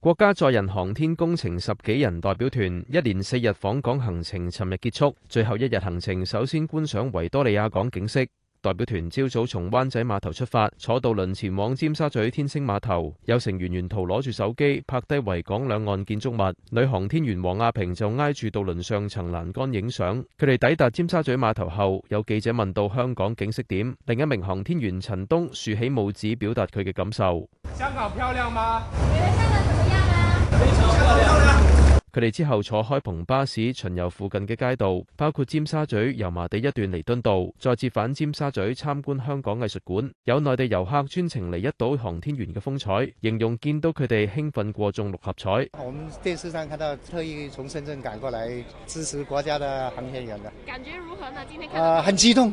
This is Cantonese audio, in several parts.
國家載人航天工程十幾人代表團一連四日訪港行程，尋日結束。最後一日行程，首先觀賞維多利亞港景色。代表團朝早從灣仔碼頭出發，坐渡輪前往尖沙咀天星碼頭。有成員沿途攞住手機拍低維港兩岸建築物。女航天員王亞平就捱住渡輪上層欄杆影相。佢哋抵達尖沙咀碼頭後，有記者問到香港景色點。另一名航天員陳東豎起拇指表達佢嘅感受。香港漂亮嗎？ 佢哋之後坐開篷巴士巡遊附近嘅街道，包括尖沙咀油麻地一段彌敦道，再次返尖沙咀參觀香港藝術館。有內地遊客專程嚟一睹航天員嘅風采，形容見到佢哋興奮過中六合彩。我喺電視上看到，特意從深圳趕過來支持國家的航天員嘅。感覺如何呢？今天啊，很激動。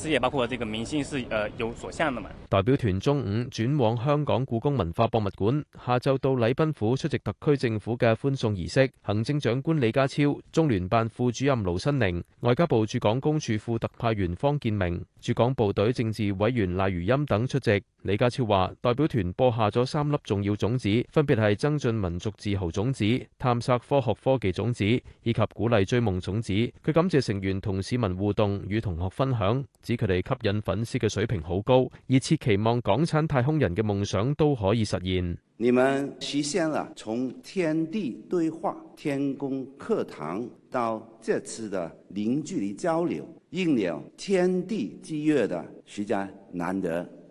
事業包括這個明星是，呃，有所向的嘛。代表團中午轉往香港故宮文化博物館，下晝到禮賓府出席特區政府嘅歡送儀式。行政長官李家超、中聯辦副主任盧新寧、外交部駐港公署副特派員方建明、駐港部隊政治委員賴如欽等出席。李家超話，代表團播下咗三粒重要種子，分別係增進民族自豪種子、探索科學科技種子以及鼓勵追夢種子。佢感謝成員同市民互動，與同學分享，指佢哋吸引粉絲嘅水平好高，熱切期望港產太空人嘅夢想都可以實現。你們實現了從天地對話、天宮課堂到這次嘅「零距離交流」，應了天地之約的實在難得。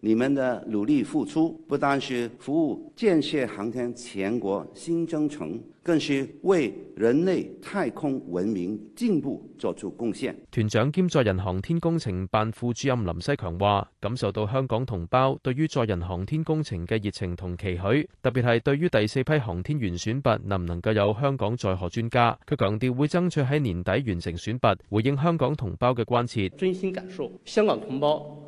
你們的努力付出，不單是服務建設航天強國新征程，更是為人類太空文明進步作出貢獻。團長兼載人航天工程辦副主任林西強話感受到香港同胞對於載人航天工程嘅熱情同期許，特別係對於第四批航天員選拔能唔能夠有香港載荷專家。佢強調會爭取喺年底完成選拔，回應香港同胞嘅關切。真心感受香港同胞。